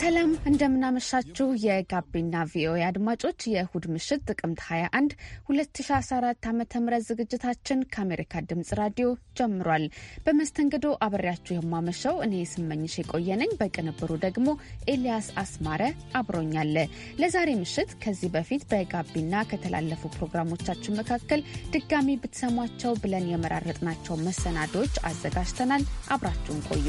ሰላም እንደምናመሻችሁ የጋቢና ቪኦኤ አድማጮች የእሁድ ምሽት ጥቅምት 21 2014 ዓ ም ዝግጅታችን ከአሜሪካ ድምጽ ራዲዮ ጀምሯል። በመስተንግዶ አብሬያችሁ የማመሸው እኔ ስመኝሽ የቆየነኝ፣ በቅንብሩ ደግሞ ኤልያስ አስማረ አብሮኛለ። ለዛሬ ምሽት ከዚህ በፊት በጋቢና ከተላለፉ ፕሮግራሞቻችን መካከል ድጋሚ ብትሰሟቸው ብለን የመራረጥናቸው መሰናዶዎች አዘጋጅተናል። አብራችሁን ቆዩ።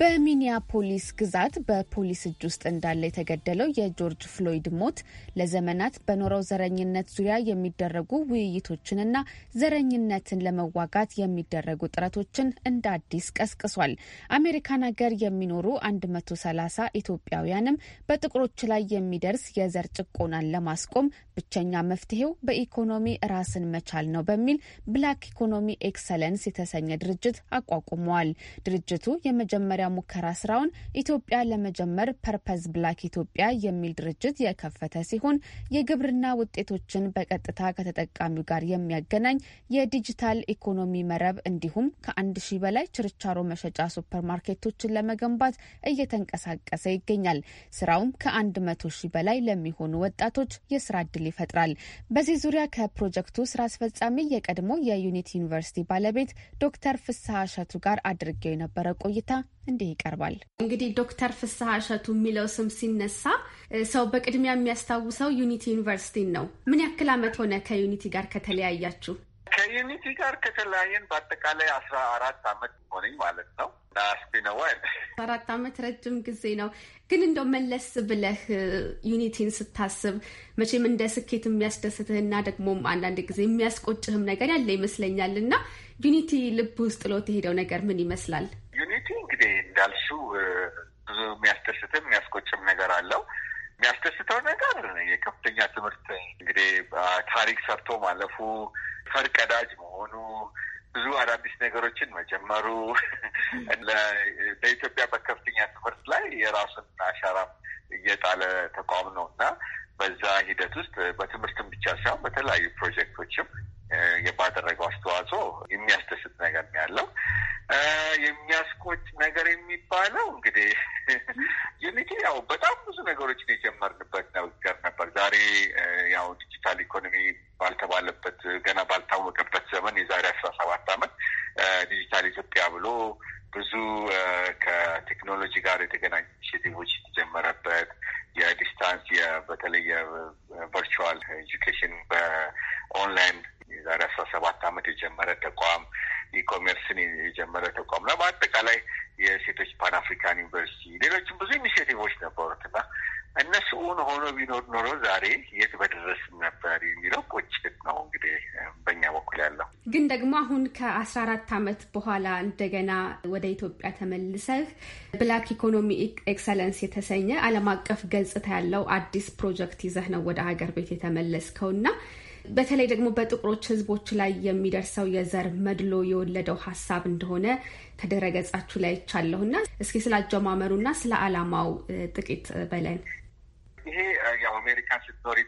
በሚኒያፖሊስ ግዛት በፖሊስ እጅ ውስጥ እንዳለ የተገደለው የጆርጅ ፍሎይድ ሞት ለዘመናት በኖረው ዘረኝነት ዙሪያ የሚደረጉ ውይይቶችንና ዘረኝነትን ለመዋጋት የሚደረጉ ጥረቶችን እንደ አዲስ ቀስቅሷል። አሜሪካን ሀገር የሚኖሩ 130 ኢትዮጵያውያንም በጥቁሮች ላይ የሚደርስ የዘር ጭቆናን ለማስቆም ብቸኛ መፍትሄው በኢኮኖሚ ራስን መቻል ነው በሚል ብላክ ኢኮኖሚ ኤክሰለንስ የተሰኘ ድርጅት አቋቁመዋል። ድርጅቱ የመጀመሪያ ሙከራ ስራውን ኢትዮጵያ ለመጀመር ፐርፐዝ ብላክ ኢትዮጵያ የሚል ድርጅት የከፈተ ሲሆን የግብርና ውጤቶችን በቀጥታ ከተጠቃሚው ጋር የሚያገናኝ የዲጂታል ኢኮኖሚ መረብ እንዲሁም ከአንድ ሺህ በላይ ችርቻሮ መሸጫ ሱፐር ማርኬቶችን ለመገንባት እየተንቀሳቀሰ ይገኛል። ስራውም ከአንድ መቶ ሺህ በላይ ለሚሆኑ ወጣቶች የስራ እድል ይፈጥራል። በዚህ ዙሪያ ከፕሮጀክቱ ስራ አስፈጻሚ የቀድሞ የዩኒቲ ዩኒቨርሲቲ ባለቤት ዶክተር ፍስሐ እሸቱ ጋር አድርጌው የነበረ ቆይታ እንዲህ ይቀርባል። እንግዲህ ዶክተር ፍስሐ እሸቱ የሚለው ስም ሲነሳ ሰው በቅድሚያ የሚያስታውሰው ዩኒቲ ዩኒቨርሲቲን ነው። ምን ያክል ዓመት ሆነ ከዩኒቲ ጋር ከተለያያችሁ? ከዩኒቲ ጋር ከተለያየን በአጠቃላይ አስራ አራት ዓመት ሆነኝ ማለት ነው። አስቢነዋል አራት ዓመት ረጅም ጊዜ ነው። ግን እንደው መለስ ብለህ ዩኒቲን ስታስብ መቼም እንደ ስኬት የሚያስደስትህና ደግሞም አንዳንድ ጊዜ የሚያስቆጭህም ነገር ያለ ይመስለኛል እና ዩኒቲ ልብ ውስጥ ሎት የሄደው ነገር ምን ይመስላል? ብዙ የሚያስደስትም የሚያስቆጭም ነገር አለው። የሚያስደስተው ነገር የከፍተኛ ትምህርት እንግዲህ ታሪክ ሰርቶ ማለፉ፣ ፈርቀዳጅ መሆኑ፣ ብዙ አዳዲስ ነገሮችን መጀመሩ ለኢትዮጵያ በከፍተኛ ትምህርት ላይ የራሱን አሻራ እየጣለ ተቋም ነው እና በዛ ሂደት ውስጥ በትምህርትም ብቻ ሳይሆን በተለያዩ ፕሮጀክቶችም የባደረገው አስተዋጽኦ የሚያስደስት ነገር ያለው የሚያስቆጭ ነገር የሚባለው እንግዲህ ዩኒቲ ያው በጣም ብዙ ነገሮችን የጀመርንበት ነገር ነበር። ዛሬ ያው ዲጂታል ኢኮኖሚ ባልተባለበት ገና ባልታወቀበት ዘመን የዛሬ አስራ ሰባት ዓመት ዲጂታል ኢትዮጵያ ብሎ ብዙ ከቴክኖሎጂ ጋር የተገናኙ ኢኒሽቲቮች የተጀመረበት የዲስታንስ በተለይ የቨርቹዋል ኤጁኬሽን በኦንላይን የዛሬ አስራ ሰባት ዓመት የጀመረ ተቋም ኢኮሜርስን የጀመረ ተቋም ነው። በአጠቃላይ የሴቶች ፓን አፍሪካን ዩኒቨርሲቲ፣ ሌሎችም ብዙ ኢኒሽቲቮች ነበሩት እና እነሱ እውን ሆኖ ቢኖር ኖሮ ዛሬ የት በደረስን ነበር የሚለው ቁጭት ነው እንግዲህ በኛ በኩል ያለው። ግን ደግሞ አሁን ከአስራ አራት ዓመት በኋላ እንደገና ወደ ኢትዮጵያ ተመልሰህ ብላክ ኢኮኖሚ ኤክሰለንስ የተሰኘ ዓለም አቀፍ ገጽታ ያለው አዲስ ፕሮጀክት ይዘህ ነው ወደ ሀገር ቤት የተመለስከው እና በተለይ ደግሞ በጥቁሮች ህዝቦች ላይ የሚደርሰው የዘር መድሎ የወለደው ሀሳብ እንደሆነ ከድረገጻችሁ ላይ ይቻለሁ እና እስኪ አጀማመሩ እና ስለ አላማው ጥቂት በለን። ይሄ ያው አሜሪካ ስትኖሪ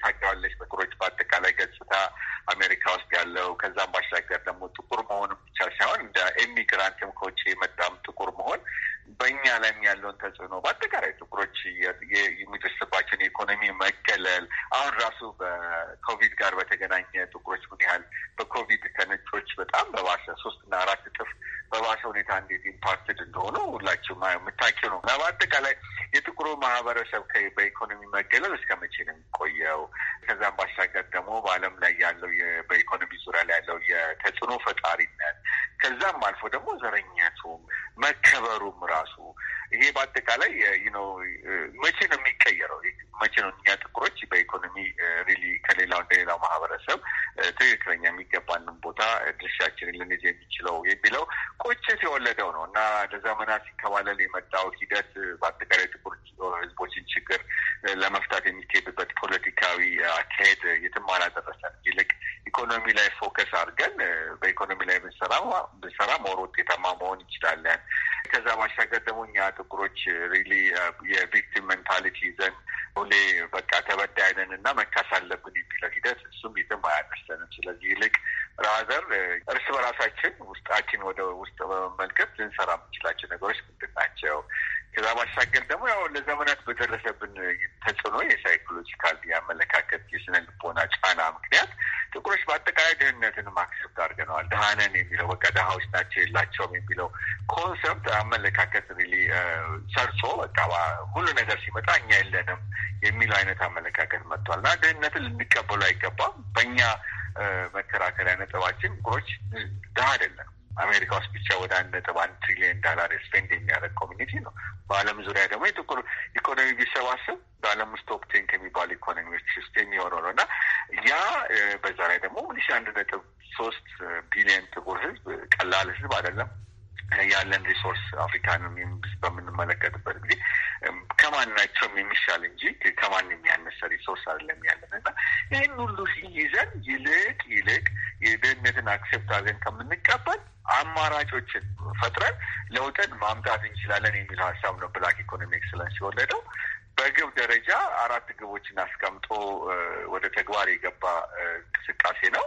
መሄድ የትም አላደረሰን። ይልቅ ኢኮኖሚ ላይ ፎከስ አድርገን በኢኮኖሚ ላይ ብንሰራ ብንሰራ ሞር ውጤታማ መሆን እንችላለን። ከዛ ባሻገር ደግሞ እኛ ጥቁሮች ሪሊ የቪክቲም ሜንታሊቲ ይዘን ሁሌ በቃ ተበዳይ ነን እና መካስ አለብን የሚለው ሂደት እሱም የትም አያደርሰንም። ስለዚህ ይልቅ ራዘር እርስ በራሳችን ውስጣችን ወደ ውስጥ በመመልከት ልንሰራ ስፔንድ የሚያደርግ ኮሚኒቲ ነው። በዓለም ዙሪያ ደግሞ የጥቁር ኢኮኖሚ ቢሰባሰብ በዓለም ውስጥ ቶፕ ቴን ከሚባሉ ኢኮኖሚዎች ውስጥ የሚሆነው ነው እና ያ በዛ ላይ ደግሞ ሁልሽ አንድ ነጥብ ሶስት ቢሊየን ጥቁር ህዝብ ቀላል ህዝብ አይደለም። ያለን ሪሶርስ አፍሪካን በምንመለከትበት ጊዜ ከማናቸውም የሚሻል እንጂ ከማን የሚያነሰ ሪሶርስ አይደለም ያለን እና ይህን ሁሉ ይዘን ይልቅ ይልቅ የድህነትን አክሴፕት አድርገን ከምንቀበል አማራጮችን ፈጥረን ለውጥን ማምጣት እንችላለን የሚለው ሀሳብ ነው ብላክ ኢኮኖሚ ኤክሰለንስ የወለደው። በግብ ደረጃ አራት ግቦችን አስቀምጦ ወደ ተግባር የገባ እንቅስቃሴ ነው።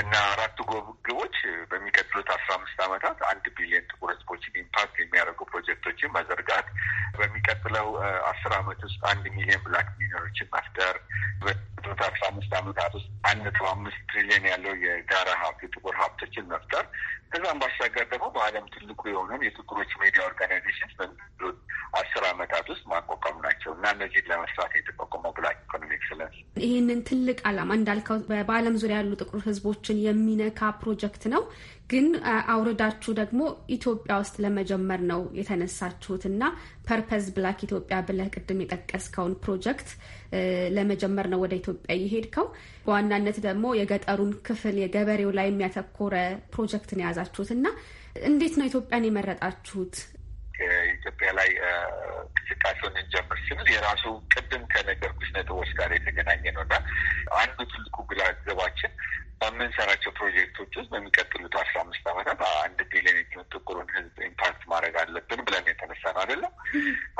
እና አራቱ ግቦች በሚቀጥሉት አስራ አምስት ዓመታት አንድ ቢሊዮን ጥቁር ህዝቦችን ኢምፓክት የሚያደርጉ ፕሮጀክቶችን መዘርጋት፣ በሚቀጥለው አስር ዓመት ውስጥ አንድ ሚሊዮን ብላክ ሚሊዮነሮችን መፍጠር፣ በሚቀጥሉት አስራ አምስት ዓመታት ውስጥ አንድ ነጥብ አምስት ትሪሊዮን ያለው የጋራ ሀብት የጥቁር ሀብቶችን መፍጠር፣ ከዛም ባሻገር ደግሞ በዓለም ትልቁ የሆነን የጥቁሮች ሚዲያ ኦርጋናይዜሽን በሚቀጥሉት አስር ዓመታት ውስጥ ማቋቋም ናቸው እና እነዚህን ለመስራት የተቋቋመው ብላክ ኢኮኖሚ ኤክሰለንስ ይህንን ትልቅ ዓላማ እንዳልከው በዓለም ዙሪያ ያሉ ጥቁር ሕዝቦችን የሚነካ ፕሮጀክት ነው። ግን አውርዳችሁ ደግሞ ኢትዮጵያ ውስጥ ለመጀመር ነው የተነሳችሁት እና ፐርፐዝ ብላክ ኢትዮጵያ ብለህ ቅድም የጠቀስከውን ፕሮጀክት ለመጀመር ነው ወደ ኢትዮጵያ የሄድከው። በዋናነት ደግሞ የገጠሩን ክፍል የገበሬው ላይ የሚያተኮረ ፕሮጀክትን የያዛችሁት እና እንዴት ነው ኢትዮጵያን የመረጣችሁት? ኢትዮጵያ ላይ እንቅስቃሴውን እንጀምር ስንል የራሱ ቅድም ከነገርኩሽ ነጥቦች ጋር የተገናኘ ነው እና አንዱ ትልቁ ግላዘባችን በምንሰራቸው ፕሮጀክቶች ውስጥ በሚቀጥሉት አስራ አምስት ዓመታት አንድ ቢሊዮን የሚሆን ጥቁሩን ሕዝብ ኢምፓክት ማድረግ አለብን ብለን የተነሳ ነው አይደለም።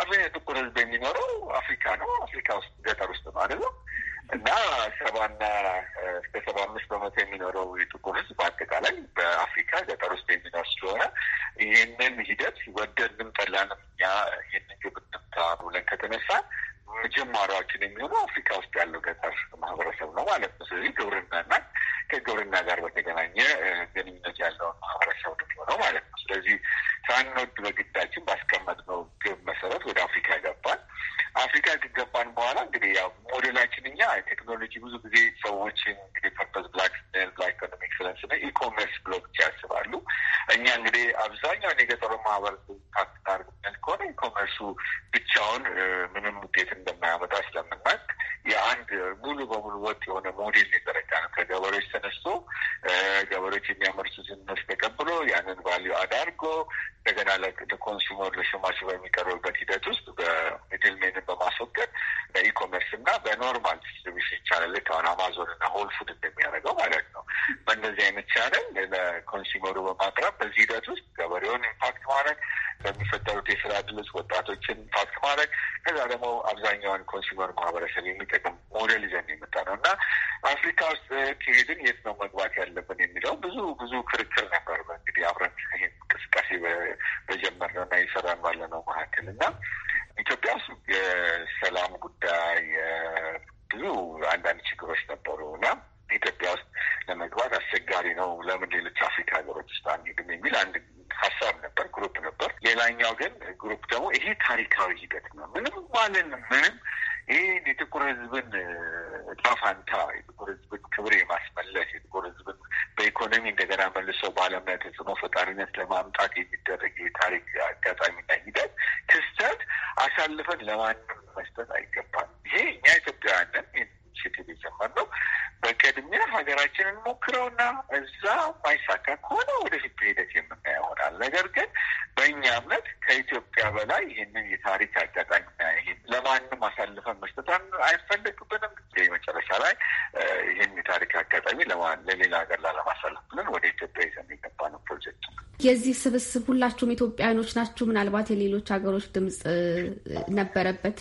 አብዛኛው ጥቁር ሕዝብ የሚኖረው አፍሪካ ነው። አፍሪካ ውስጥ ገጠር ውስጥ ነው አይደለም። እና ሰባና እስከ ሰባ አምስት በመቶ የሚኖረው የጥቁር ህዝብ በአጠቃላይ በአፍሪካ ገጠር ውስጥ የሚኖር ስለሆነ ይህንን ሂደት ወደንም ጠላንም እኛ ይህንን ግብ እንምታ ብለን ከተነሳ ጅማሯችን የሚሆነው አፍሪካ ውስጥ ያለው ገጠር ማህበረሰብ ነው ማለት ነው። ስለዚህ ግብርናና ከግብርና ጋር በተገናኘ ግንኙነት ያለውን ማህበረሰብ ነው የሚሆነው ማለት ነው። ስለዚህ ሳንወድ በግዳችን ባስቀመጥነው ግብ መሰረት ወደ አፍሪካ ይገባል። አፍሪካ ከገባን በኋላ እንግዲህ ያው ሞዴላችን እኛ ቴክኖሎጂ ብዙ ጊዜ ሰዎችን እንግዲህ ፐርፐዝ ብላክ ብላክ ኢኮኖሚክ ስለንስነ ኢኮሜርስ ብሎ ብቻ ያስባሉ። እኛ እንግዲህ አብዛኛውን የገጠሩ ማህበረሰብ ካፒታል ከሆነ ኢኮሜርሱ ብቻውን ምንም ውጤት እንደማያመጣ ስለምናቅ የአንድ ሙሉ በሙሉ ወጥ የሆነ ሞዴል የተረዳ ነው። ከገበሬዎች ተነስቶ ገበሬዎች የሚያመርሱትን ምርት ተቀብሎ ያንን ቫሊዩ አዳርጎ እንደገና ለኮንሱመር ለሸማቹ በሚቀርብበት ሂደት ውስጥ በሚድልሜን በማስወገድ በኢኮመርስ እና በኖርማል ዲስትሪቢሽን ቻናል ልክ አሁን አማዞን እና ሆል ፉድ እንደሚያደርገው ማለት ነው። በእነዚህ አይነት ቻናል ለኮንሱመሩ በማቅረብ በዚህ ሂደት ውስጥ ገበሬውን ኢምፓክት ማድረግ በሚፈጠሩት የስራ ድልስ ወጣቶችን ኢምፓክት ማድረግ ከዛ ደግሞ አብዛኛውን ኮንሱመር ማህበረሰብ የሚጠ አጋጣሚና ሂደት ክስተት አሳልፈን ለማንም መስጠት አይገባል። ይሄ እኛ ኢትዮጵያውያንን ኢኒሽቲቭ የጀመርነው በቅድሚያ ሀገራችንን ሞክረውና እዛ ማይሳካ ከሆነ ወደፊት ሂደት የምናየው ይሆናል። ነገር ግን በእኛ እምነት ከኢትዮጵያ በላይ ይህንን የታሪክ አጋጣሚ ይህን ለማንም አሳልፈን መስጠት አይፈለግብንም። የመጨረሻ ላይ ይህን የታሪክ አጋጣሚ ለሌላ ሀገር የዚህ ስብስብ ሁላችሁም ኢትዮጵያኖች ናችሁ? ምናልባት የሌሎች ሀገሮች ድምፅ ነበረበት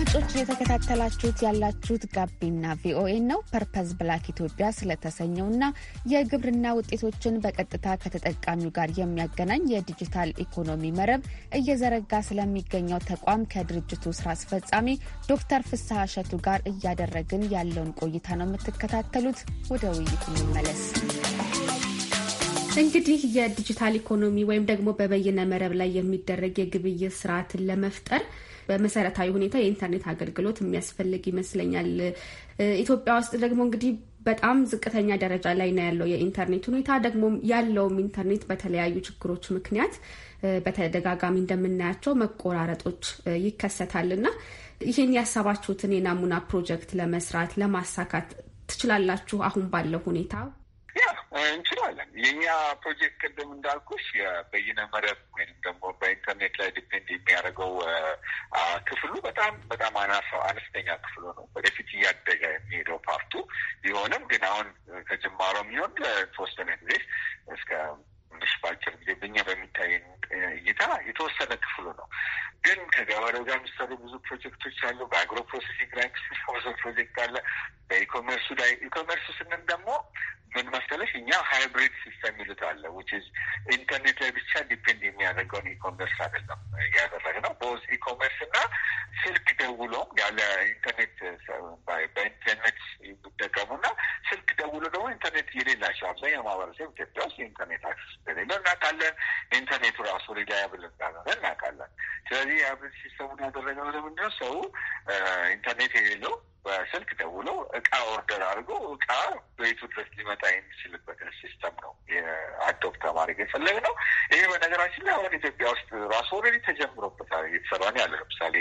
አድማጮች እየተከታተላችሁት ያላችሁት ጋቢና ቪኦኤ ነው። ፐርፐዝ ብላክ ኢትዮጵያ ስለተሰኘውና የግብርና ውጤቶችን በቀጥታ ከተጠቃሚው ጋር የሚያገናኝ የዲጂታል ኢኮኖሚ መረብ እየዘረጋ ስለሚገኘው ተቋም ከድርጅቱ ስራ አስፈጻሚ ዶክተር ፍስሐ እሸቱ ጋር እያደረግን ያለውን ቆይታ ነው የምትከታተሉት። ወደ ውይይት እንመለስ። እንግዲህ የዲጂታል ኢኮኖሚ ወይም ደግሞ በበይነ መረብ ላይ የሚደረግ የግብይት ስርዓትን ለመፍጠር በመሰረታዊ ሁኔታ የኢንተርኔት አገልግሎት የሚያስፈልግ ይመስለኛል። ኢትዮጵያ ውስጥ ደግሞ እንግዲህ በጣም ዝቅተኛ ደረጃ ላይ ነው ያለው የኢንተርኔት ሁኔታ። ደግሞ ያለውም ኢንተርኔት በተለያዩ ችግሮች ምክንያት በተደጋጋሚ እንደምናያቸው መቆራረጦች ይከሰታልና ይህን ያሳባችሁትን የናሙና ፕሮጀክት ለመስራት ለማሳካት ትችላላችሁ አሁን ባለው ሁኔታ ያ እንችላለን። የእኛ ፕሮጀክት ቅድም እንዳልኩሽ የበይነ መረብ ወይም ደግሞ በኢንተርኔት ላይ ዲፔንድ የሚያደርገው ክፍሉ በጣም በጣም አናሳው አነስተኛ ክፍሉ ነው። ወደፊት እያደገ የሚሄደው ፓርቱ ቢሆንም ግን አሁን ከጅማሮ የሚሆን ለተወሰነ ጊዜ እስከ ትንሽ ባጭር ጊዜ በኛ በሚታይ እይታ የተወሰነ ክፍሉ ነው። ግን ከገበሬው ጋር የሚሰሩ ብዙ ፕሮጀክቶች አሉ። በአግሮ ፕሮሴሲንግ ላይ ብዙ ፕሮጀክት አለ። በኢኮሜርሱ ላይ ኢኮሜርሱ ስንል ደግሞ ምን መሰለሽ እኛ ሃይብሪድ ሲስተም ይሉት አለ ዊች ኢዝ ኢንተርኔት ላይ ብቻ ዲፔንድ የሚያደርገውን ኢኮሜርስ አይደለም ነው። በውዝ ኢኮሜርስ እና ስልክ ደውሎ ያለ ኢንተርኔት በኢንተርኔት የሚጠቀሙ እና ስልክ ደውሎ ደግሞ ኢንተርኔት የሌላቸው አብዛኛው ማህበረሰብ ኢትዮጵያ ውስጥ የኢንተርኔት አክሰስ እንደሌለው እናውቃለን። ኢንተርኔቱ ራሱ ሪላያብል እንዳልሆነ እናውቃለን። ስለዚህ ስለዚህ የአብሬት ሲስተሙን ያደረገው ለምንድን ነው ሰው ኢንተርኔት የሌለው በስልክ ደውለው እቃ ኦርደር አድርጎ እቃ ቤቱ ድረስ ሊመጣ የሚችልበትን ሲስተም ነው የአዶፕት ማድረግ የፈለግ ነው። ይሄ በነገራችን ላይ አሁን ኢትዮጵያ ውስጥ ራሱ ኦልሬዲ ተጀምሮበታል እየተሰራ ነው ያለ። ለምሳሌ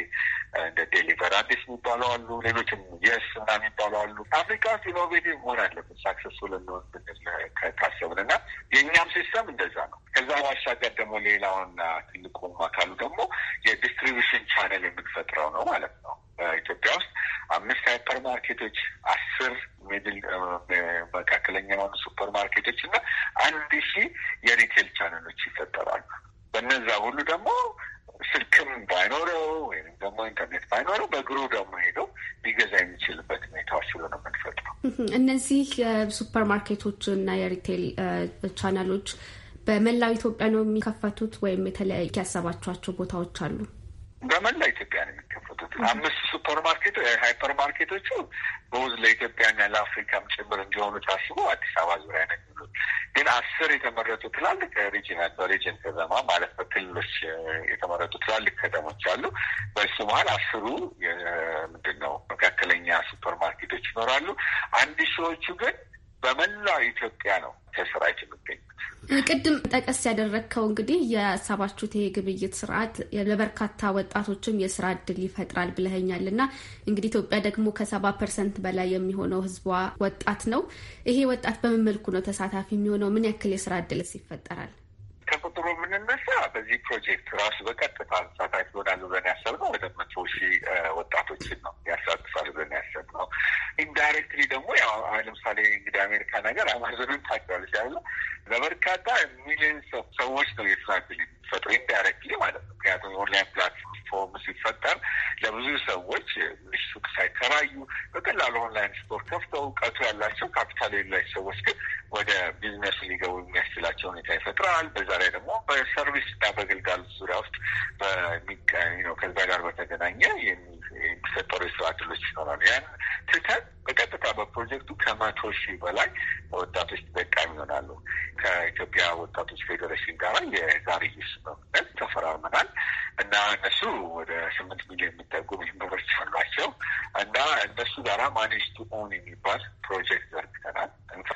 እንደ ዴሊቨር አዲስ የሚባሉ አሉ፣ ሌሎችም የስ ና የሚባሉ አሉ። አፍሪካ ውስጥ ኢኖቬቲቭ መሆን አለብን ሳክሰስፉል እንሆን ብንል ከታሰብን እና የእኛም ሲስተም እንደዛ ነው። ከዛ ባሻገር ደግሞ ሌላውና ትልቁ አካሉ ደግሞ የዲስትሪቢሽን ቻነል የምንፈጥረው ነው ማለት ነው። ኢትዮጵያ ውስጥ አምስት ሃይፐር ማርኬቶች፣ አስር ሚድል መካከለኛ የሆኑ ሱፐር ማርኬቶች እና አንድ ሺህ የሪቴል ቻነሎች ይፈጠራሉ። በነዛ ሁሉ ደግሞ ስልክም ባይኖረው ወይም ደግሞ ኢንተርኔት ባይኖረው በእግሩ ደግሞ ሄደው ሊገዛ የሚችልበት ሁኔታዎች ብሎ ነው የምንፈጥረው። እነዚህ የሱፐር ማርኬቶች እና የሪቴል ቻናሎች በመላው ኢትዮጵያ ነው የሚከፈቱት ወይም የተለያዩ ያሰባችኋቸው ቦታዎች አሉ? በመላ ኢትዮጵያ ነው የሚከፈቱት። አምስት ሱፐር ማርኬቶ ሃይፐር ማርኬቶቹ በውዝ ለኢትዮጵያና ለአፍሪካም ጭምር እንዲሆኑ ታስቦ አዲስ አበባ ዙሪያ ነው የሚሉት። ግን አስር የተመረጡ ትላልቅ ሪጅናል በሪጅን ከተማ ማለት በክልሎች የተመረጡ ትላልቅ ከተሞች አሉ። በሱ መሀል አስሩ ምንድን ነው መካከለኛ ሱፐር ማርኬቶች ይኖራሉ። አንድ ሺዎቹ ግን በመላው ኢትዮጵያ ነው ተሰራጭ የሚገኙ ቅድም ጠቀስ ያደረግከው እንግዲህ የሰባችሁት ይሄ ግብይት ስርዓት ለበርካታ ወጣቶችም የስራ እድል ይፈጥራል ብለኸኛል እና እንግዲህ ኢትዮጵያ ደግሞ ከሰባ ፐርሰንት በላይ የሚሆነው ህዝቧ ወጣት ነው። ይሄ ወጣት በምን መልኩ ነው ተሳታፊ የሚሆነው? ምን ያክል የስራ እድልስ ይፈጠራል? ከቁጥሩ የምንነሳ በዚህ ፕሮጀክት ራሱ በቀጥታ ሳታይት ይሆናሉ ብለን ያሰብነው ወደ መቶ ሺህ ወጣቶችን ነው ያሳትፋል ብለን ያሰብነው። ኢንዳይሬክትሊ ደግሞ ያው ለምሳሌ እንግዲህ አሜሪካ ነገር አማዞንን ታውቂያለሽ ያለ ለበርካታ ሚሊዮንስ ሰዎች ነው የስራ ዕድል የሚፈጥሩ ኢንዳይሬክትሊ ማለት ነው። ምክንያቱም ኦንላይን ፕላትፎርም ሲፈጠር ለብዙ ሰዎች ሱቅ ሳይከራዩ በቀላሉ ኦንላይን ስቶር ከፍተው እውቀቱ ያላቸው ካፒታል የሌላቸው ሰዎች ግን ወደ ቢዝነስ ሊገቡ የሚያስችላቸው ሁኔታ ይፈጥራል። በዛ ላይ ደግሞ በሰርቪስ እና በግልጋሎት ዙሪያ ውስጥ ከዛ ጋር በተገናኘ የሚ የሚፈጠሩ የስራ እድሎች ይኖራሉ። ያን ትተን በቀጥታ በፕሮጀክቱ ከመቶ ሺህ በላይ ወጣቶች ተጠቃሚ ይሆናሉ። ከኢትዮጵያ ወጣቶች ፌዴሬሽን ጋር የዛርይስ በምነት ተፈራርመናል እና እነሱ ወደ ስምንት ሚሊዮን የሚጠጉ ሜምበሮች አሏቸው እና እነሱ ጋራ ማኔጅ ቱ ኦን የሚባል ፕሮጀክት ዘርግተናል።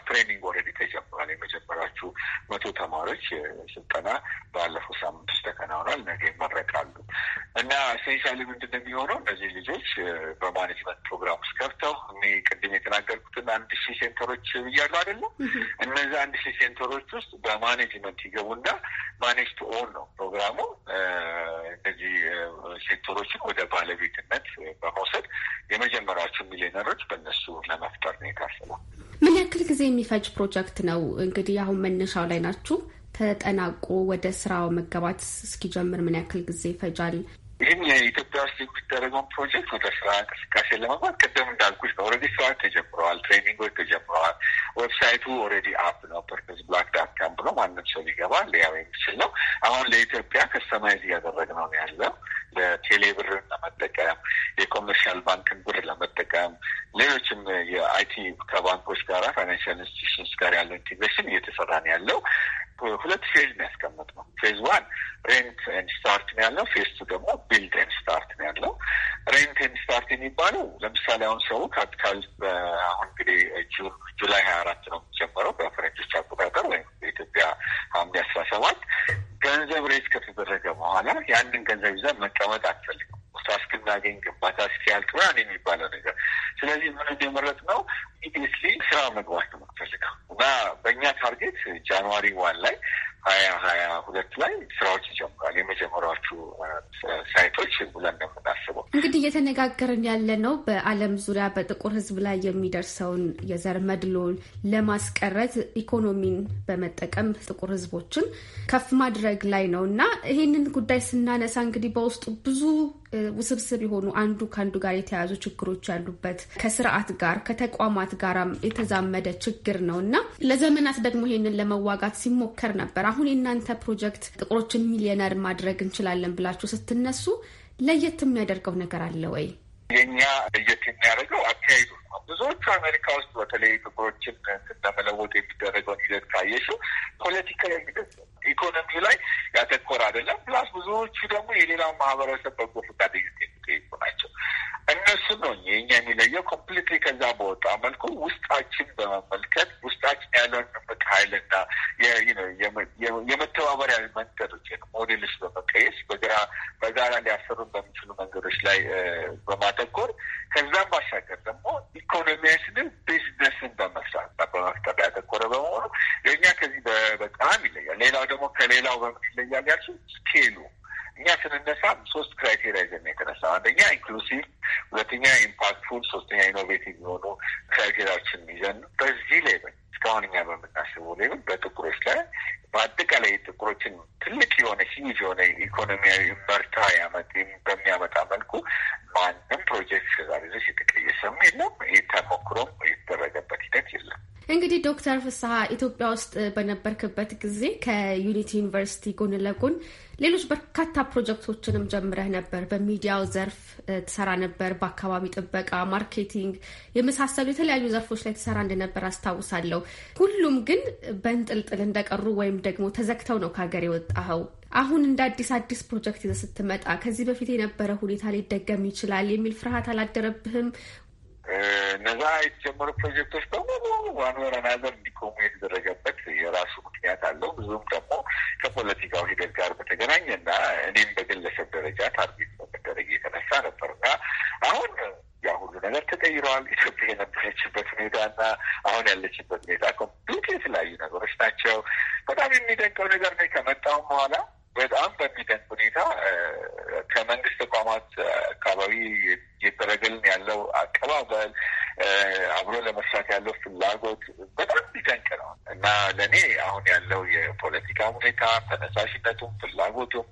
ትሬኒንግ ኦልሬዲ ተጀምሯል። የመጀመሪያዎቹ መቶ ተማሪዎች ስልጠና ባለፈው ሳምንት ውስጥ ተከናውኗል። ነገ ይመረቃሉ እና ሴንሻሊ ምንድን ነው የሚሆነው እነዚህ ልጆች በማኔጅመንት ፕሮግራም ውስጥ ገብተው እኔ ቅድም የተናገርኩትን አንድ ሺህ ሴንተሮች እያሉ አይደለም። እነዚህ አንድ ሺህ ሴንተሮች ውስጥ በማኔጅመንት ይገቡና ማኔጅ ቱ ኦን ነው ፕሮግራሙ። እነዚህ ሴንተሮችን ወደ ባለቤትነት በመውሰድ የመጀመሪያዎቹ ሚሊዮነሮች በእነሱ ለመፍጠር ነው የታሰበው። ምን ያክል ጊዜ የሚፈጅ ፕሮጀክት ነው? እንግዲህ አሁን መነሻው ላይ ናችሁ። ተጠናቆ ወደ ስራው መገባት እስኪጀምር ምን ያክል ጊዜ ይፈጃል? ይህን የኢትዮጵያ የሚደረገውን ፕሮጀክት ወደ ስራ እንቅስቃሴ ለመግባት ቅድም እንዳልኩሽ ነው። ኦልሬዲ ስራዎች ተጀምረዋል፣ ትሬኒንጎች ተጀምረዋል። ዌብሳይቱ ኦልሬዲ አፕ ነው። ፐርፐዝ ብላክ ዳት ካም ብሎ ማንም ሰው ሊገባ ሊያው የሚችል ነው። አሁን ለኢትዮጵያ ከስተማይዝ እያደረግ ነው ያለው ለቴሌ ብርን ለመጠቀም የኮመርሻል ባንክን ብር ለመጠቀም ሌሎችም የአይቲ ከባንኮች ጋራ ፋይናንሽል ኢንስቲቱሽንስ ጋር ያለው ኢንቴግሬሽን እየተሰራ ነው ያለው። ሁለት ፌዝ ነው ያስቀመጠ ፌዝ ዋን ሬንት ኤንድ ስታርት ነው ያለው። ፌዝ ቱ ደግሞ ቢልድ ኤንድ ስታርት ነው ያለው። ሬንት ኤንድ ስታርት የሚባለው ለምሳሌ አሁን ሰው ካፒታል አሁን እንግዲህ ጁን ጁላይ ሀያ አራት ነው የሚጀመረው በፈረንጆች አቆጣጠር ወይም በኢትዮጵያ ሐምሌ አስራ ሰባት ገንዘብ ሬት ከተደረገ በኋላ ያንን ገንዘብ ይዘን መቀመጥ አትፈልግም ቦታ እስክናገኝ ግንባታ እስኪያልቅ ምናምን የሚባለው ነገር። ስለዚህ ምን እንደመረጥ ነው ኢሚዲየትሊ ስራ መግባት ነው የምንፈልገው እና በእኛ ታርጌት ጃንዋሪ ዋን ላይ እየተነጋገርን ያለ ነው በዓለም ዙሪያ በጥቁር ሕዝብ ላይ የሚደርሰውን የዘር መድሎ ለማስቀረት ኢኮኖሚን በመጠቀም ጥቁር ሕዝቦችን ከፍ ማድረግ ላይ ነው እና ይህንን ጉዳይ ስናነሳ እንግዲህ በውስጡ ብዙ ውስብስብ የሆኑ አንዱ ከአንዱ ጋር የተያያዙ ችግሮች ያሉበት ከስርዓት ጋር ከተቋማት ጋራም የተዛመደ ችግር ነው እና ለዘመናት ደግሞ ይህንን ለመዋጋት ሲሞከር ነበር። አሁን የእናንተ ፕሮጀክት ጥቁሮችን ሚሊዮነር ማድረግ እንችላለን ብላችሁ ስትነሱ ለየት የሚያደርገው ነገር አለ ወይ? የእኛ ለየት የሚያደርገው አካሄዱ ነው። ብዙዎቹ አሜሪካ ውስጥ በተለይ ጥቁሮችን ለመለወጥ የሚደረገውን ሂደት ካየሽው ፖለቲካዊ ሂደት ኢኮኖሚው ላይ ያተኮር አይደለም። ፕላስ ብዙዎቹ ደግሞ የሌላው ማህበረሰብ በጎ ፈቃደኝነት የሚጠይቁ ናቸው። እነሱ ነው የኛ የሚለየው። ኮምፕሊትሊ። ከዛ በወጣ መልኩ ውስጣችን በመመልከት ውስጣችን ያለውን ምቅ ሀይልና የመተባበሪያ መንገድ እስከዛሬ ድረስ የተቀየሰም የለም። ይህ ተሞክሮም ዶክተር ፍስሀ ኢትዮጵያ ውስጥ በነበርክበት ጊዜ ከዩኒቲ ዩኒቨርሲቲ ጎን ለጎን ሌሎች በርካታ ፕሮጀክቶችንም ጀምረህ ነበር። በሚዲያው ዘርፍ ትሰራ ነበር። በአካባቢ ጥበቃ፣ ማርኬቲንግ የመሳሰሉ የተለያዩ ዘርፎች ላይ ትሰራ እንደነበር አስታውሳለሁ። ሁሉም ግን በእንጥልጥል እንደቀሩ ወይም ደግሞ ተዘግተው ነው ከሀገር የወጣኸው። አሁን እንደ አዲስ አዲስ ፕሮጀክት ይዘህ ስትመጣ ከዚህ በፊት የነበረ ሁኔታ ሊደገም ይችላል የሚል ፍርሃት አላደረብህም እነዛ የተጀመሩ ፕሮጀክቶች በሙሉ ዋን ወር አናዘር እንዲቆሙ የተደረገበት የራሱ ምክንያት አለው። ብዙም ደግሞ ከፖለቲካው ሂደት ጋር በተገናኘ እና እኔም በግለሰብ ደረጃ ታርጌት በመደረግ የተነሳ ነበር እና አሁን ያ ሁሉ ነገር ተቀይረዋል። ኢትዮጵያ የነበረችበት ሁኔታ እና አሁን ያለችበት ሁኔታ ኮምፕሊት የተለያዩ ነገሮች ናቸው። በጣም የሚደንቀው ነገር ከመጣውም በኋላ በጣም በሚደንቅ ሁኔታ መተባበር፣ አብሮ ለመስራት ያለው ፍላጎት በጣም ሊደንቅ ነው እና ለእኔ አሁን ያለው የፖለቲካ ሁኔታ ተነሳሽነቱም ፍላጎቱም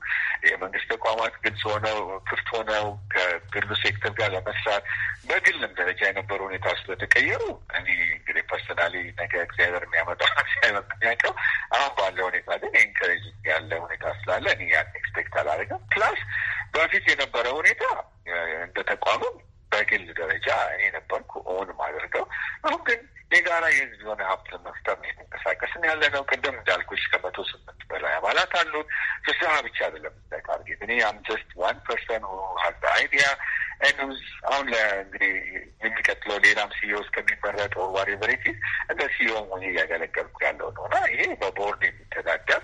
የመንግስት ተቋማት ግልጽ ሆነው ክፍት ሆነው ከግሉ ሴክተር ጋር ለመስራት በግልም ደረጃ የነበሩ ሁኔታ ስለተቀየሩ እኔ እንግዲህ ፐርሰናሊ ነገ እግዚአብሔር የሚያመጣው እግዚአብሔር የሚያውቀው አሁን ባለ ሁኔታ ግን ኢንከሬጅ ያለ ሁኔታ ስላለ እኔ ያለ እኔ ነበርኩ እውን ማደርገው። አሁን ግን የጋራ የህዝብ የሆነ ሀብት መፍጠር ነው የተንቀሳቀስን ያለ ነው። ቅድም እንዳልኩሽ ከመቶ ስምንት በላይ አባላት አሉ። ፍስሀ ብቻ አይደለም ታርጌት እኔ አም ጀስት ዋን ፐርሰን ሀዘ አይዲያ ኤንዝ አሁን ለእንግዲህ የሚቀጥለው ሌላም ሲዮ እስከሚመረጥ ወርዋሪ በሬቲ እንደ ሲዮም ሆኜ እያገለገልኩ ያለው ነው እና ይሄ በቦርድ የሚተዳደር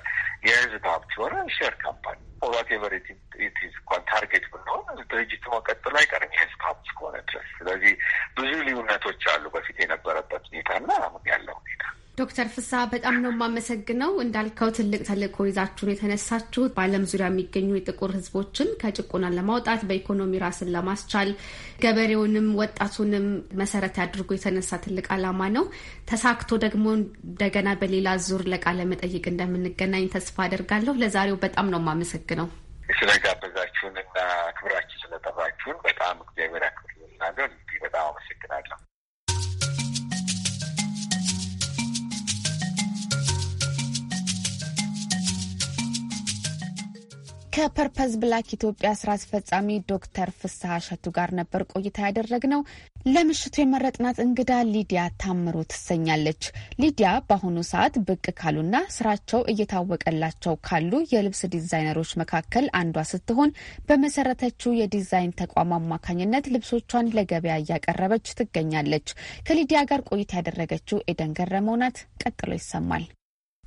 የህዝብ ሀብት የሆነ ሼር ካምፓኒ ወራት የበሬቲ ኢትዝ እንኳን ታርጌት ብንሆን ድርጅት መቀጠሉ አይቀር ዶክተር ፍስሀ በጣም ነው የማመሰግነው። እንዳልከው ትልቅ ተልእኮ ይዛችሁን የተነሳችሁት በዓለም ዙሪያ የሚገኙ የጥቁር ሕዝቦችን ከጭቆና ለማውጣት በኢኮኖሚ ራስን ለማስቻል ገበሬውንም ወጣቱንም መሰረት አድርጎ የተነሳ ትልቅ ዓላማ ነው። ተሳክቶ ደግሞ እንደገና በሌላ ዙር ለቃለ መጠይቅ እንደምንገናኝ ተስፋ አደርጋለሁ። ለዛሬው በጣም ነው የማመሰግነው ስለጋበዛችሁን እና ክብራችሁ ስለጠራችሁን በጣም እግዚአብሔር ያክብርልናለሁ። በጣም አመሰግናለሁ። ከፐርፐዝ ብላክ ኢትዮጵያ ስራ አስፈጻሚ ዶክተር ፍስሐ ሸቱ ጋር ነበር ቆይታ ያደረግነው። ለምሽቱ የመረጥናት እንግዳ ሊዲያ ታምሩ ትሰኛለች። ሊዲያ በአሁኑ ሰዓት ብቅ ካሉና ስራቸው እየታወቀላቸው ካሉ የልብስ ዲዛይነሮች መካከል አንዷ ስትሆን በመሰረተችው የዲዛይን ተቋም አማካኝነት ልብሶቿን ለገበያ እያቀረበች ትገኛለች። ከሊዲያ ጋር ቆይታ ያደረገችው ኤደን ገረመውናት ቀጥሎ ይሰማል።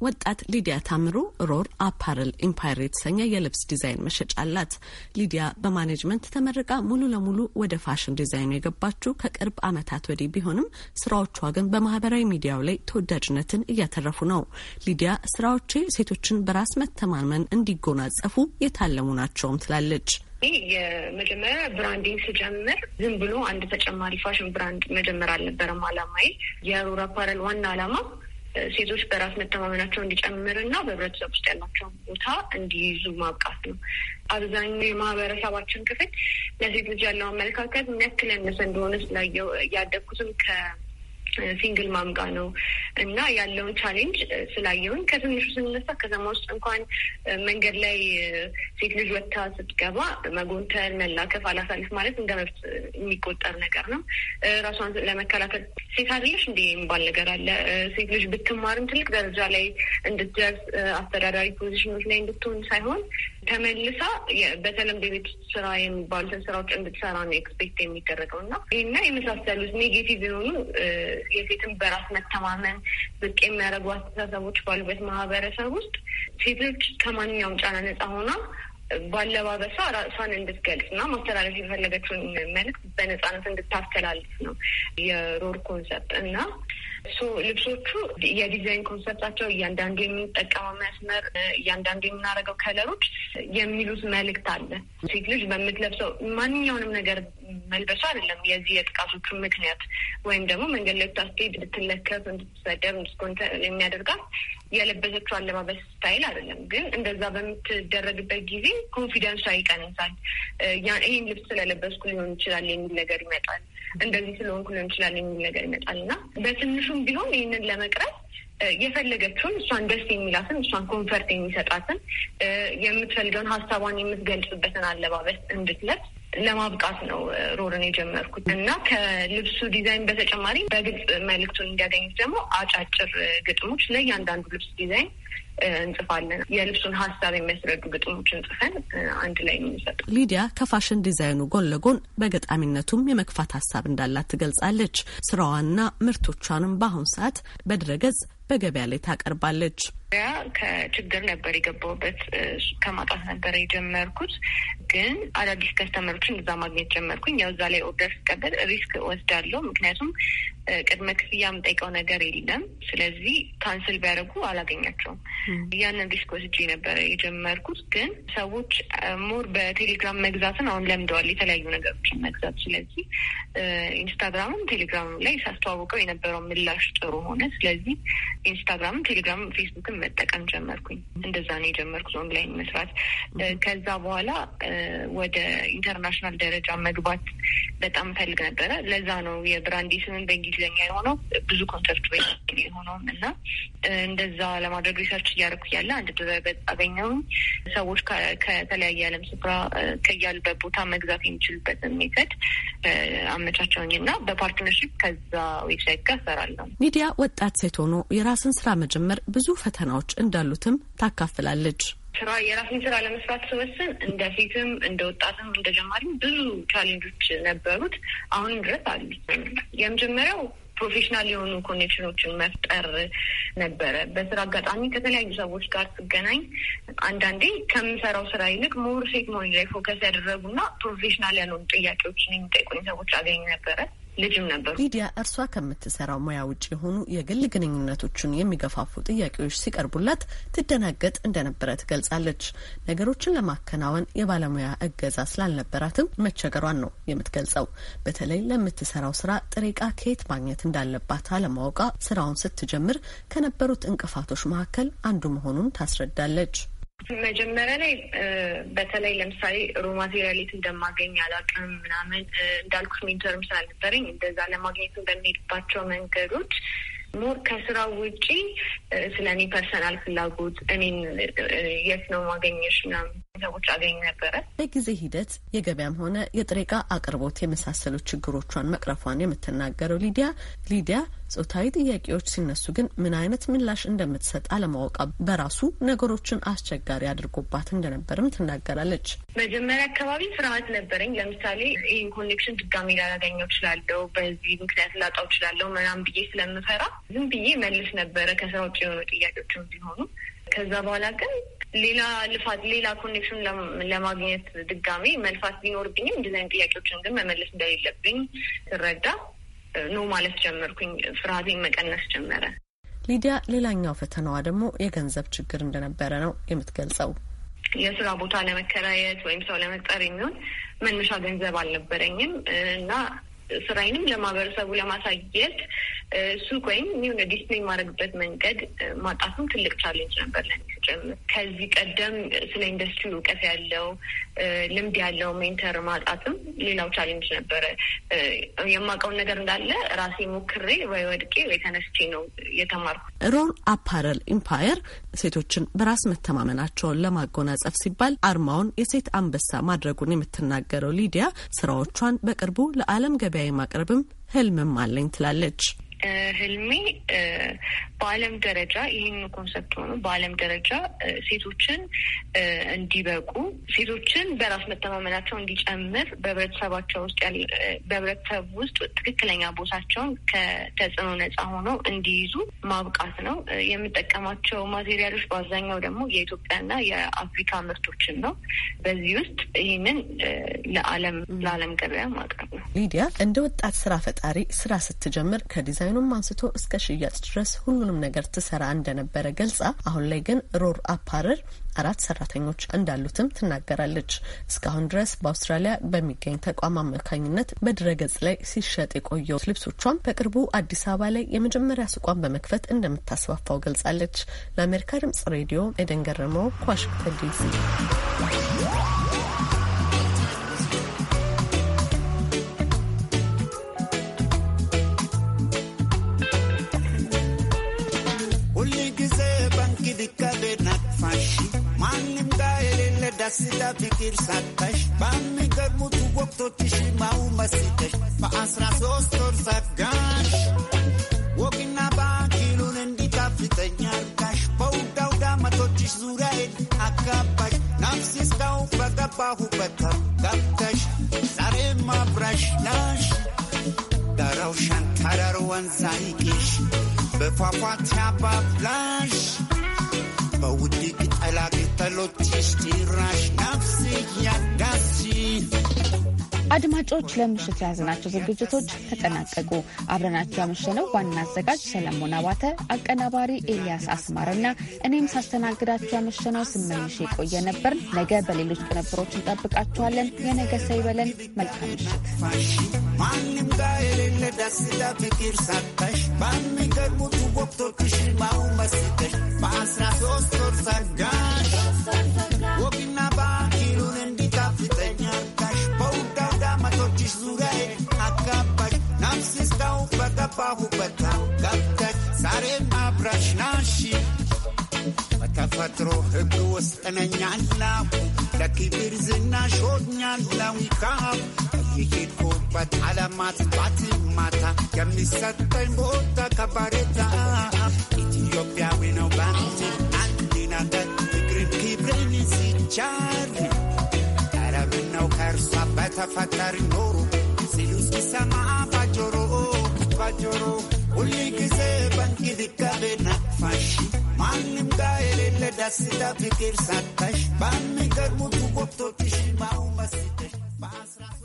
ወጣት ሊዲያ ታምሩ ሮር አፓረል ኢምፓየር የተሰኘ የልብስ ዲዛይን መሸጫ አላት። ሊዲያ በማኔጅመንት ተመርቃ ሙሉ ለሙሉ ወደ ፋሽን ዲዛይኑ የገባችው ከቅርብ ዓመታት ወዲህ ቢሆንም ስራዎቿ ግን በማህበራዊ ሚዲያው ላይ ተወዳጅነትን እያተረፉ ነው። ሊዲያ ስራዎቼ ሴቶችን በራስ መተማመን እንዲጎናጸፉ የታለሙ ናቸውም ትላለች። የመጀመሪያ ብራንዲንግ ስጀምር ዝም ብሎ አንድ ተጨማሪ ፋሽን ብራንድ መጀመር አልነበረም አላማዬ። የሮር አፓረል ዋና አላማ ሴቶች በራስ መተማመናቸው እንዲጨምር እንዲጨምርና በህብረተሰብ ውስጥ ያላቸውን ቦታ እንዲይዙ ማብቃት ነው። አብዛኛው የማህበረሰባችን ክፍል ለሴት ልጅ ያለው አመለካከት የሚያክል ያነሰ እንደሆነ ስላየው ያደግኩትም ሲንግል ማምጋ ነው እና ያለውን ቻሌንጅ ስላየውን ከትንሹ ስንነሳ ከተማ ውስጥ እንኳን መንገድ ላይ ሴት ልጅ ወታ ስትገባ መጎንተል፣ መላከፍ፣ አላሳልፍ ማለት እንደ መብት የሚቆጠር ነገር ነው። ራሷን ለመከላከል ሴት አይደለሽ እንደ የሚባል ነገር አለ። ሴት ልጅ ብትማርም ትልቅ ደረጃ ላይ እንድትደርስ አስተዳዳሪ ፖዚሽኖች ላይ እንድትሆን ሳይሆን ተመልሳ በተለምዶ የቤት ስራ የሚባሉትን ስራዎች እንድትሰራ ነው ኤክስፔክት የሚደረገው እና ይህና የመሳሰሉት ኔጌቲቭ የሆኑ የሴትን በራስ መተማመን ዝቅ የሚያደርጉ አስተሳሰቦች ባሉበት ማህበረሰብ ውስጥ ሴቶች ከማንኛውም ጫና ነጻ ሆና ባለባበሷ ራሷን እንድትገልጽ እና ማስተላለፍ የፈለገችውን መልዕክት በነጻነት እንድታስተላልፍ ነው የሮር ኮንሰፕት እና ልብሶቹ የዲዛይን ኮንሰፕታቸው እያንዳንዱ የምንጠቀመው መስመር፣ እያንዳንዱ የምናደርገው ከለሮች የሚሉት መልእክት አለ። ሴት ልጅ በምትለብሰው ማንኛውንም ነገር መልበሱ አይደለም የዚህ የጥቃቶቹ ምክንያት ወይም ደግሞ መንገድ ላይ ብታስኬድ እንድትለከፍ፣ እንድትሰደብ፣ እንድትኮንተ የሚያደርጋት የለበሰችው አለባበስ ስታይል አይደለም። ግን እንደዛ በምትደረግበት ጊዜ ኮንፊደንሷ ይቀንሳል። ይህን ልብስ ስለለበስኩ ሊሆን ይችላል የሚል ነገር ይመጣል። እንደዚህ ስለሆንኩ ሊሆን ይችላል የሚል ነገር ይመጣል እና በትንሹም ቢሆን ይህንን ለመቅረብ የፈለገችውን እሷን ደስ የሚላትን እሷን ኮንፈርት የሚሰጣትን የምትፈልገውን ሀሳቧን የምትገልጽበትን አለባበስ እንድትለብስ ለማብቃት ነው ሮርን የጀመርኩት እና ከልብሱ ዲዛይን በተጨማሪ በግልጽ መልክቱን እንዲያገኙት ደግሞ አጫጭር ግጥሞች ለእያንዳንዱ ልብስ ዲዛይን እንጽፋለን። የልብሱን ሀሳብ የሚያስረዱ ግጥሞችን ጽፈን አንድ ላይ ነው ሊዲያ ከፋሽን ዲዛይኑ ጎን ለጎን በገጣሚነቱም የመግፋት ሀሳብ እንዳላት ትገልጻለች። ስራዋና ምርቶቿንም በአሁኑ ሰዓት በድረገጽ በገበያ ላይ ታቀርባለች። ያ ከችግር ነበር የገባሁበት ከማጣት ነበር የጀመርኩት። ግን አዳዲስ ከስተመሮችን እዛ ማግኘት ጀመርኩኝ። ያው እዛ ላይ ኦርደር ስቀበል ሪስክ ወስዳለሁ። ምክንያቱም ቅድመ ክፍያ የምጠይቀው ነገር የለም። ስለዚህ ካንስል ቢያደርጉ አላገኛቸውም። ያንን ሪስክ ወስጄ ነበረ የጀመርኩት። ግን ሰዎች ሞር በቴሌግራም መግዛትን አሁን ለምደዋል፣ የተለያዩ ነገሮችን መግዛት። ስለዚህ ኢንስታግራምም ቴሌግራም ላይ ሳስተዋውቀው የነበረው ምላሽ ጥሩ ሆነ። ስለዚህ ኢንስታግራምም ቴሌግራምም ፌስቡክም ኦንላይን መጠቀም ጀመርኩኝ። እንደዛ ነው የጀመርኩት ኦንላይን መስራት። ከዛ በኋላ ወደ ኢንተርናሽናል ደረጃ መግባት በጣም ፈልግ ነበረ። ለዛ ነው የብራንዲ ስምን በእንግሊዝኛ የሆነው ብዙ ኮንሰርት ወይ የሆነውም እና እንደዛ ለማድረግ ሪሰርች እያደረኩ ያለ አንድ ድረገጽ አገኘሁኝ። ሰዎች ከተለያየ ዓለም ስፍራ ከያሉበት ቦታ መግዛት የሚችሉበትን ሜተድ አመቻቸውኝ እና በፓርትነርሽፕ ከዛ ዌብሳይት ጋር እሰራለሁ። ሚዲያ ወጣት ሴት ሆኖ የራስን ስራ መጀመር ብዙ ፈተና ፈተናዎች እንዳሉትም ታካፍላለች። ስራ የራስን ስራ ለመስራት ስወስን እንደ ሴትም እንደ ወጣትም እንደ ጀማሪም ብዙ ቻሌንጆች ነበሩት፣ አሁንም ድረስ አሉ። የመጀመሪያው ፕሮፌሽናል የሆኑ ኮኔክሽኖችን መፍጠር ነበረ። በስራ አጋጣሚ ከተለያዩ ሰዎች ጋር ስገናኝ አንዳንዴ ከምሰራው ስራ ይልቅ ሞር ሴት መሆኔ ላይ ፎከስ ያደረጉና ፕሮፌሽናል ያልሆኑ ጥያቄዎችን የሚጠይቁኝ ሰዎች አገኝ ነበረ። ልጅም ነበሩ። ሊዲያ እርሷ ከምትሰራው ሙያ ውጭ የሆኑ የግል ግንኙነቶችን የሚገፋፉ ጥያቄዎች ሲቀርቡላት ትደናገጥ እንደነበረ ትገልጻለች። ነገሮችን ለማከናወን የባለሙያ እገዛ ስላልነበራትም መቸገሯን ነው የምትገልጸው። በተለይ ለምትሰራው ስራ ጥሬ ዕቃ ከየት ማግኘት እንዳለባት አለማወቃ ስራውን ስትጀምር ከነበሩት እንቅፋቶች መካከል አንዱ መሆኑን ታስረዳለች። መጀመሪያ ላይ በተለይ ለምሳሌ ሮ እንደማገኝ አላውቅም ምናምን እንዳልኩት ሚንተርም ስላልነበረኝ እንደዛ ለማግኘት በሚሄድባቸው መንገዶች ሞር ከስራ ውጪ ስለ እኔ ፐርሰናል ፍላጎት እኔን የት ነው ማገኘሽ ምናምን ውጭ አገኝ ነበረ። በጊዜ ሂደት የገበያም ሆነ የጥሬ ዕቃ አቅርቦት የመሳሰሉ ችግሮቿን መቅረፏን የምትናገረው ሊዲያ ሊዲያ ጾታዊ ጥያቄዎች ሲነሱ ግን ምን አይነት ምላሽ እንደምትሰጥ አለማወቃ በራሱ ነገሮችን አስቸጋሪ አድርጎባት እንደነበርም ትናገራለች። መጀመሪያ አካባቢ ፍርሃት ነበረኝ። ለምሳሌ ይህን ኮኔክሽን ድጋሚ ላላገኘው እችላለሁ፣ በዚህ ምክንያት ላጣው እችላለሁ ምናምን ብዬ ስለምፈራ ዝም ብዬ መልስ ነበረ ከስራ ውጭ የሆኑ ጥያቄዎችም ቢሆኑ ከዛ በኋላ ግን ሌላ ልፋት፣ ሌላ ኮኔክሽን ለማግኘት ድጋሜ መልፋት ቢኖርብኝም አይነት ጥያቄዎችን ግን መመለስ እንደሌለብኝ ስረዳ ኖ ማለት ጀመርኩኝ። ፍርሃቴን መቀነስ ጀመረ። ሊዲያ ሌላኛው ፈተናዋ ደግሞ የገንዘብ ችግር እንደነበረ ነው የምትገልጸው። የስራ ቦታ ለመከራየት ወይም ሰው ለመቅጠር የሚሆን መነሻ ገንዘብ አልነበረኝም እና ስራዬንም ለማህበረሰቡ ለማሳየት ሱቅ ወይም የሆነ ዲስፕሌይ የማደርግበት መንገድ ማጣቱም ትልቅ ቻሌንጅ ነበር ለሚጀምር። ከዚህ ቀደም ስለ ኢንዱስትሪ እውቀት ያለው ልምድ ያለው ሜንተር ማጣትም ሌላው ቻሌንጅ ነበረ። የማውቀውን ነገር እንዳለ ራሴ ሞክሬ ወይ ወድቄ ወይ ተነስቼ ነው የተማርኩት። ሮል አፓረል ኢምፓየር ሴቶችን በራስ መተማመናቸውን ለማጎናጸፍ ሲባል አርማውን የሴት አንበሳ ማድረጉን የምትናገረው ሊዲያ ስራዎቿን በቅርቡ ለዓለም ገበያ ጉዳይ ማቅረብም ህልምም አለኝ ትላለች። ህልሜ በዓለም ደረጃ ይህን ኮንሰፕት ሆኖ በዓለም ደረጃ ሴቶችን እንዲበቁ ሴቶችን በራስ መተማመናቸው እንዲጨምር በህብረተሰባቸው ውስጥ በህብረተሰብ ውስጥ ትክክለኛ ቦታቸውን ከተጽዕኖ ነጻ ሆነው እንዲይዙ ማብቃት ነው። የምጠቀማቸው ማቴሪያሎች በአብዛኛው ደግሞ የኢትዮጵያና የአፍሪካ ምርቶችን ነው። በዚህ ውስጥ ይህንን ለዓለም ለዓለም ገበያ ማቅረብ ነው። ሊዲያ እንደ ወጣት ስራ ፈጣሪ ስራ ስትጀምር ከዲዛይን ዲዛይኑም አንስቶ እስከ ሽያጭ ድረስ ሁሉንም ነገር ትሰራ እንደነበረ ገልጻ አሁን ላይ ግን ሮር አፓረር አራት ሰራተኞች እንዳሉትም ትናገራለች። እስካሁን ድረስ በአውስትራሊያ በሚገኝ ተቋም አማካኝነት በድረገጽ ላይ ሲሸጥ የቆየው ልብሶቿም በቅርቡ አዲስ አበባ ላይ የመጀመሪያ ሱቋን በመክፈት እንደምታስፋፋው ገልጻለች። ለአሜሪካ ድምጽ ሬዲዮ ኤደን ገረመው ከዋሽንግተን ዲሲ ሊከብድ ናቅፋሽ ማንም ጋር የሌለ ዳስታ ፍቅር ሳታሽ በሚገርሙት ወቅቶችሽ ማው መስደሽ በአስራ ሶስት ወር ሰጋሽ ወግና ባኪሉን እንዲጣፍጠኝ አርጋሽ በውድ አውዳመቶችሽ ዙሪያ ሄድ አካባሽ ነፍስ እስካው በገባሁበት ማብራሽ ናሽ ዳራው ሻንካራር ወንዝ አይቂሽ በፏፏቴ አባብላሽ በውድ ቅጠላ ቅጠሎችሽ ጭራሽ ናፍስ ያጋሲ አድማጮች፣ ለምሽት የያዝናቸው ዝግጅቶች ተጠናቀቁ። አብረናቸው ያመሸነው ዋና አዘጋጅ ሰለሞን አባተ፣ አቀናባሪ ኤልያስ አስማርና እኔም ሳስተናግዳቸው ያመሸነው ስመኝሽ የቆየ ነበር። ነገ በሌሎች ቅንብሮች እንጠብቃችኋለን። የነገ ሰው ይበለን። መልካም ምሽት። ማንም ጋር የሌለ ደስታ ፍቅር ሳታሽ በሚገርሙት ወቅቶችሽ ማው መስጠሽ በአስራ ሶስት ወር ገባሁበት ገብተህ ዛሬም አብራሽ ናሺ በተፈጥሮ ሕግ ውስጥ ነኝ አላሁ ለክብር ዝናሽ ሆኛለሁ ካብ እየሄድኩበት አለማጥፋት ማታ የሚሰጠኝ ቦታ ከበሬታ ኢትዮጵያዊ ነው ባንድ አንድ ነገር ፍቅርን ክብርን ሲቻል ረብነው ከእርሷ በተፈጠር ኖሩ ሲሉ ሲሰማ ጆሮ ሁል ጊዜ ባንኪሊካቤና ፋሽ ማንም ጋር የሌለ ዳስታ ፍቅር ሳታሽ በሚገርሙት ወቅቶችሽ ማው መስደሽ